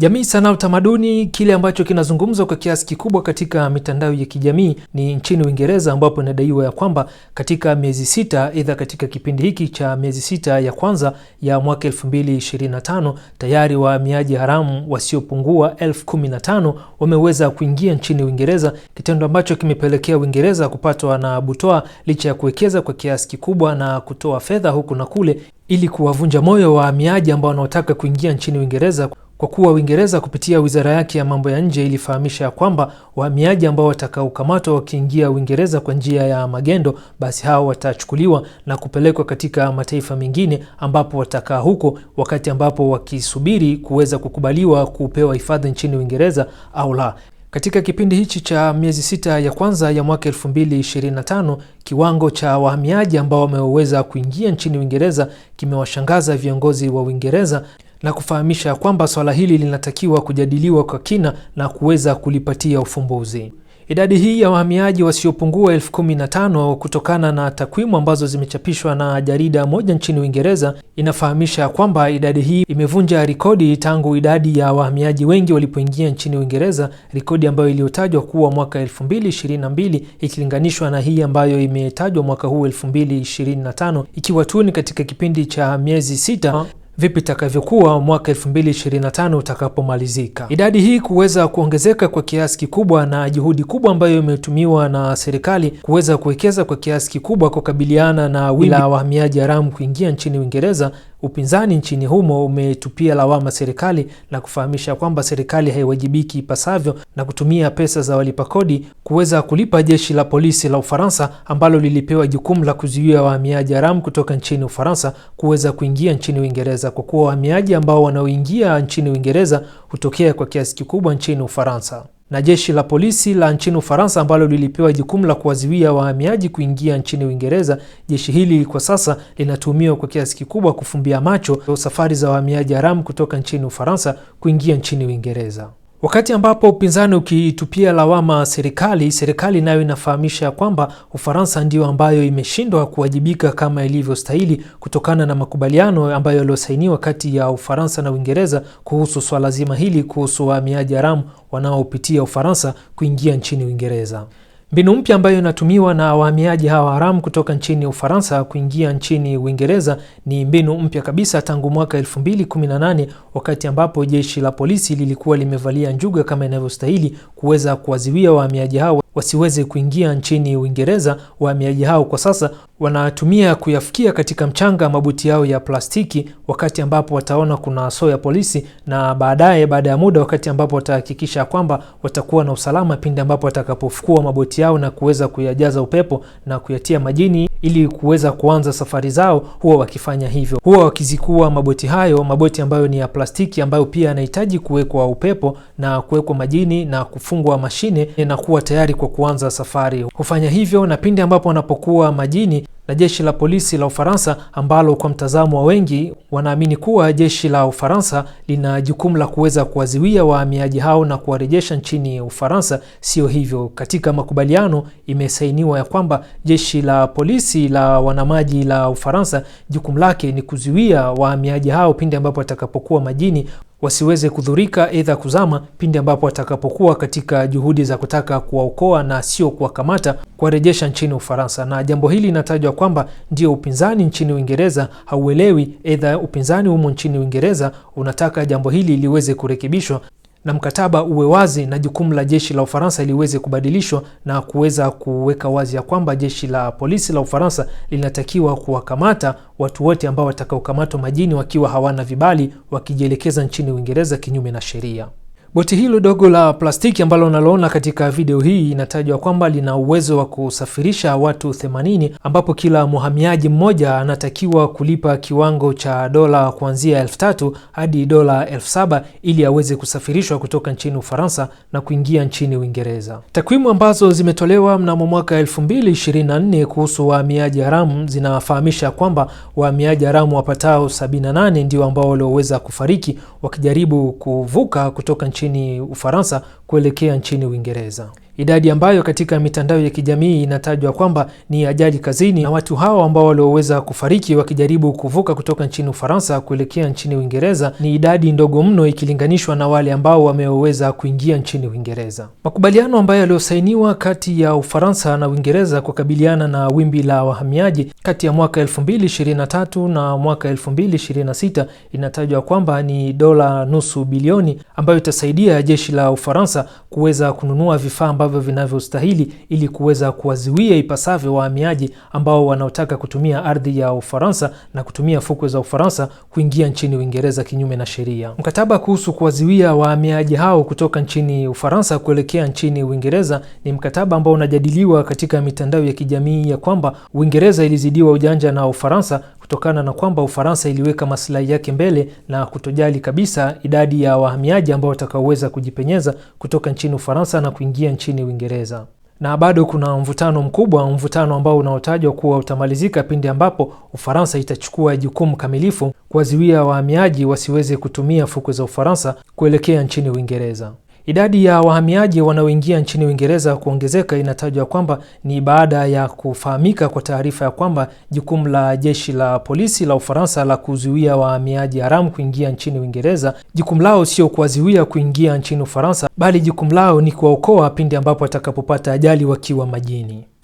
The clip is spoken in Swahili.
Jamii, sanaa, utamaduni, kile ambacho kinazungumzwa kwa kiasi kikubwa katika mitandao ya kijamii ni nchini Uingereza, ambapo inadaiwa ya kwamba katika miezi sita, aidha katika kipindi hiki cha miezi sita ya kwanza ya mwaka 2025 tayari wahamiaji haramu wasiopungua elfu kumi na tano wameweza kuingia nchini Uingereza, kitendo ambacho kimepelekea Uingereza kupatwa na butoa, licha ya kuwekeza kwa kiasi kikubwa na kutoa fedha huku na kule ili kuwavunja moyo wahamiaji ambao wanaotaka kuingia nchini Uingereza kwa kuwa Uingereza kupitia wizara yake ya mambo ya nje ilifahamisha ya kwamba wahamiaji ambao watakaokamatwa wakiingia Uingereza kwa njia ya magendo, basi hao watachukuliwa na kupelekwa katika mataifa mengine ambapo watakaa huko, wakati ambapo wakisubiri kuweza kukubaliwa kupewa hifadhi nchini Uingereza au la. Katika kipindi hichi cha miezi sita ya kwanza ya mwaka 2025 kiwango cha wahamiaji ambao wameweza kuingia nchini Uingereza kimewashangaza viongozi wa Uingereza na kufahamisha kwamba swala hili linatakiwa kujadiliwa kwa kina na kuweza kulipatia ufumbuzi. Idadi hii ya wahamiaji wasiopungua elfu kumi na tano kutokana na takwimu ambazo zimechapishwa na jarida moja nchini Uingereza inafahamisha kwamba idadi hii imevunja rekodi tangu idadi ya wahamiaji wengi walipoingia nchini Uingereza, rekodi ambayo iliyotajwa kuwa mwaka 2022 ikilinganishwa na hii ambayo imetajwa mwaka huu 2025, ikiwa tu ni katika kipindi cha miezi sita vipi itakavyokuwa mwaka 2025 utakapomalizika. Idadi hii kuweza kuongezeka kwa kiasi kikubwa na juhudi kubwa ambayo imetumiwa na serikali kuweza kuwekeza kwa kiasi kikubwa kukabiliana na wimbi la wahamiaji haramu kuingia nchini Uingereza Upinzani nchini humo umetupia lawama serikali na kufahamisha kwamba serikali haiwajibiki ipasavyo na kutumia pesa za walipa kodi kuweza kulipa jeshi la polisi la Ufaransa ambalo lilipewa jukumu la kuzuia wahamiaji haramu kutoka nchini Ufaransa kuweza kuingia nchini Uingereza, kwa kuwa wahamiaji ambao wanaoingia nchini Uingereza hutokea kwa kiasi kikubwa nchini Ufaransa na jeshi la polisi la nchini Ufaransa ambalo lilipewa jukumu la kuwazuia wahamiaji kuingia nchini Uingereza. Jeshi hili kwa sasa linatumiwa kwa kiasi kikubwa kufumbia macho safari za wahamiaji haramu kutoka nchini Ufaransa kuingia nchini Uingereza. Wakati ambapo upinzani ukiitupia lawama serikali, serikali nayo inafahamisha kwamba Ufaransa ndiyo ambayo imeshindwa kuwajibika kama ilivyostahili kutokana na makubaliano ambayo yaliyosainiwa kati ya Ufaransa na Uingereza kuhusu swala zima hili kuhusu wahamiaji haramu wanaopitia Ufaransa kuingia nchini Uingereza. Mbinu mpya ambayo inatumiwa na wahamiaji hawa haramu kutoka nchini Ufaransa kuingia nchini Uingereza ni mbinu mpya kabisa tangu mwaka 2018 wakati ambapo jeshi la polisi lilikuwa limevalia njuga kama inavyostahili kuweza kuwaziwia wahamiaji hawa wasiweze kuingia nchini Uingereza, wahamiaji hao kwa sasa wanatumia kuyafikia katika mchanga mabuti yao ya plastiki, wakati ambapo wataona kuna soo ya polisi, na baadaye, baada ya muda, wakati ambapo watahakikisha kwamba watakuwa na usalama pindi ambapo watakapofukua maboti yao na kuweza kuyajaza upepo na kuyatia majini ili kuweza kuanza safari zao, huwa wakifanya hivyo, huwa wakizikua maboti hayo, maboti ambayo ni ya plastiki, ambayo pia yanahitaji kuwekwa upepo na kuwekwa majini na kufungwa mashine na kuwa tayari kwa kuanza safari. Hufanya hivyo na pindi ambapo wanapokuwa majini la jeshi la polisi la Ufaransa ambalo kwa mtazamo wa wengi wanaamini kuwa jeshi la Ufaransa lina jukumu la kuweza kuwaziwia wahamiaji hao na kuwarejesha nchini Ufaransa. Sio hivyo, katika makubaliano imesainiwa ya kwamba jeshi la polisi la wanamaji la Ufaransa jukumu lake ni kuziwia wahamiaji hao pindi ambapo watakapokuwa majini wasiweze kudhurika aidha kuzama pindi ambapo watakapokuwa katika juhudi za kutaka kuwaokoa na sio kuwakamata kuwarejesha nchini Ufaransa. Na jambo hili linatajwa kwamba ndio upinzani nchini Uingereza hauelewi, aidha upinzani humo nchini Uingereza unataka jambo hili liweze kurekebishwa na mkataba uwe wazi na jukumu la jeshi la Ufaransa liweze kubadilishwa na kuweza kuweka wazi ya kwamba jeshi la polisi la Ufaransa linatakiwa kuwakamata watu wote ambao watakaokamatwa majini wakiwa hawana vibali wakijielekeza nchini Uingereza kinyume na sheria. Boti hilo dogo la plastiki ambalo unaloona katika video hii inatajwa kwamba lina uwezo wa kusafirisha watu 80 ambapo kila mhamiaji mmoja anatakiwa kulipa kiwango cha dola kuanzia elfu tatu hadi dola elfu saba ili aweze kusafirishwa kutoka nchini Ufaransa na kuingia nchini Uingereza. Takwimu ambazo zimetolewa mnamo mwaka 2024 kuhusu wahamiaji haramu zinafahamisha kwamba wahamiaji haramu wapatao 78 ndio ambao walioweza kufariki wakijaribu kuvuka kutoka nchini Ufaransa kuelekea nchini Uingereza idadi ambayo katika mitandao ya kijamii inatajwa kwamba ni ajali kazini, na watu hao ambao walioweza kufariki wakijaribu kuvuka kutoka nchini Ufaransa kuelekea nchini Uingereza ni idadi ndogo mno ikilinganishwa na wale ambao wameweza kuingia nchini Uingereza. Makubaliano ambayo yaliyosainiwa kati ya Ufaransa na Uingereza kukabiliana na wimbi la wahamiaji kati ya mwaka 2023 na mwaka 2026 inatajwa kwamba ni dola nusu bilioni ambayo itasaidia jeshi la Ufaransa kuweza kununua vifaa ambavyo vinavyostahili ili kuweza kuwaziwia ipasavyo wahamiaji ambao wanaotaka kutumia ardhi ya Ufaransa na kutumia fukwe za Ufaransa kuingia nchini Uingereza kinyume na sheria. Mkataba kuhusu kuwaziwia wahamiaji hao kutoka nchini Ufaransa kuelekea nchini Uingereza ni mkataba ambao unajadiliwa katika mitandao ya kijamii ya kwamba Uingereza ilizidiwa ujanja na Ufaransa kutokana na kwamba Ufaransa iliweka maslahi yake mbele na kutojali kabisa idadi ya wahamiaji ambao watakaoweza kujipenyeza kutoka nchini Ufaransa na kuingia nchini Uingereza na bado kuna mvutano mkubwa, mvutano ambao unaotajwa kuwa utamalizika pindi ambapo Ufaransa itachukua jukumu kamilifu kuwazuia wahamiaji wasiweze kutumia fukwe za Ufaransa kuelekea nchini Uingereza. Idadi ya wahamiaji wanaoingia nchini Uingereza kuongezeka inatajwa kwamba ni baada ya kufahamika kwa taarifa ya kwamba jukumu la jeshi la polisi la Ufaransa la kuzuia wahamiaji haramu kuingia nchini Uingereza, jukumu lao sio kuwazuia kuingia nchini Ufaransa, bali jukumu lao ni kuwaokoa pindi ambapo watakapopata ajali wakiwa majini.